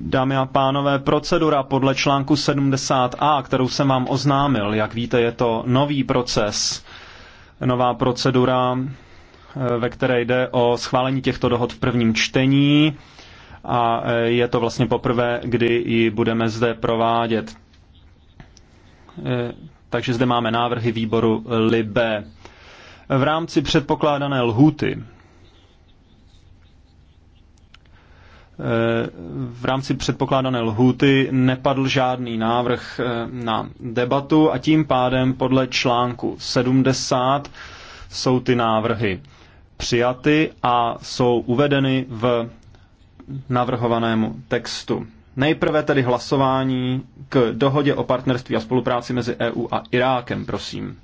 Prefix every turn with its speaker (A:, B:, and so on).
A: Dámy a pánové, procedura podle článku 70a, kterou jsem vám oznámil, jak víte, je to nový proces, nová procedura, eh, ve které jde o schválení těchto dohod v prvním čtení a eh, je to vlastně poprvé, kdy ji budeme zde provádět. Eh, takže zde máme návrhy výboru LIBE. V rámci předpokládané lhuty v rámci předpokládané lhůty nepadl žádný návrh eh, na debatu a tím pádem podle článku 70 jsou ty návrhy přijaty a jsou uvedeny v navrhovanému textu. Nejprve tedy hlasování k dohodě o partnerství a spolupráci mezi EU a Irákem, prosím.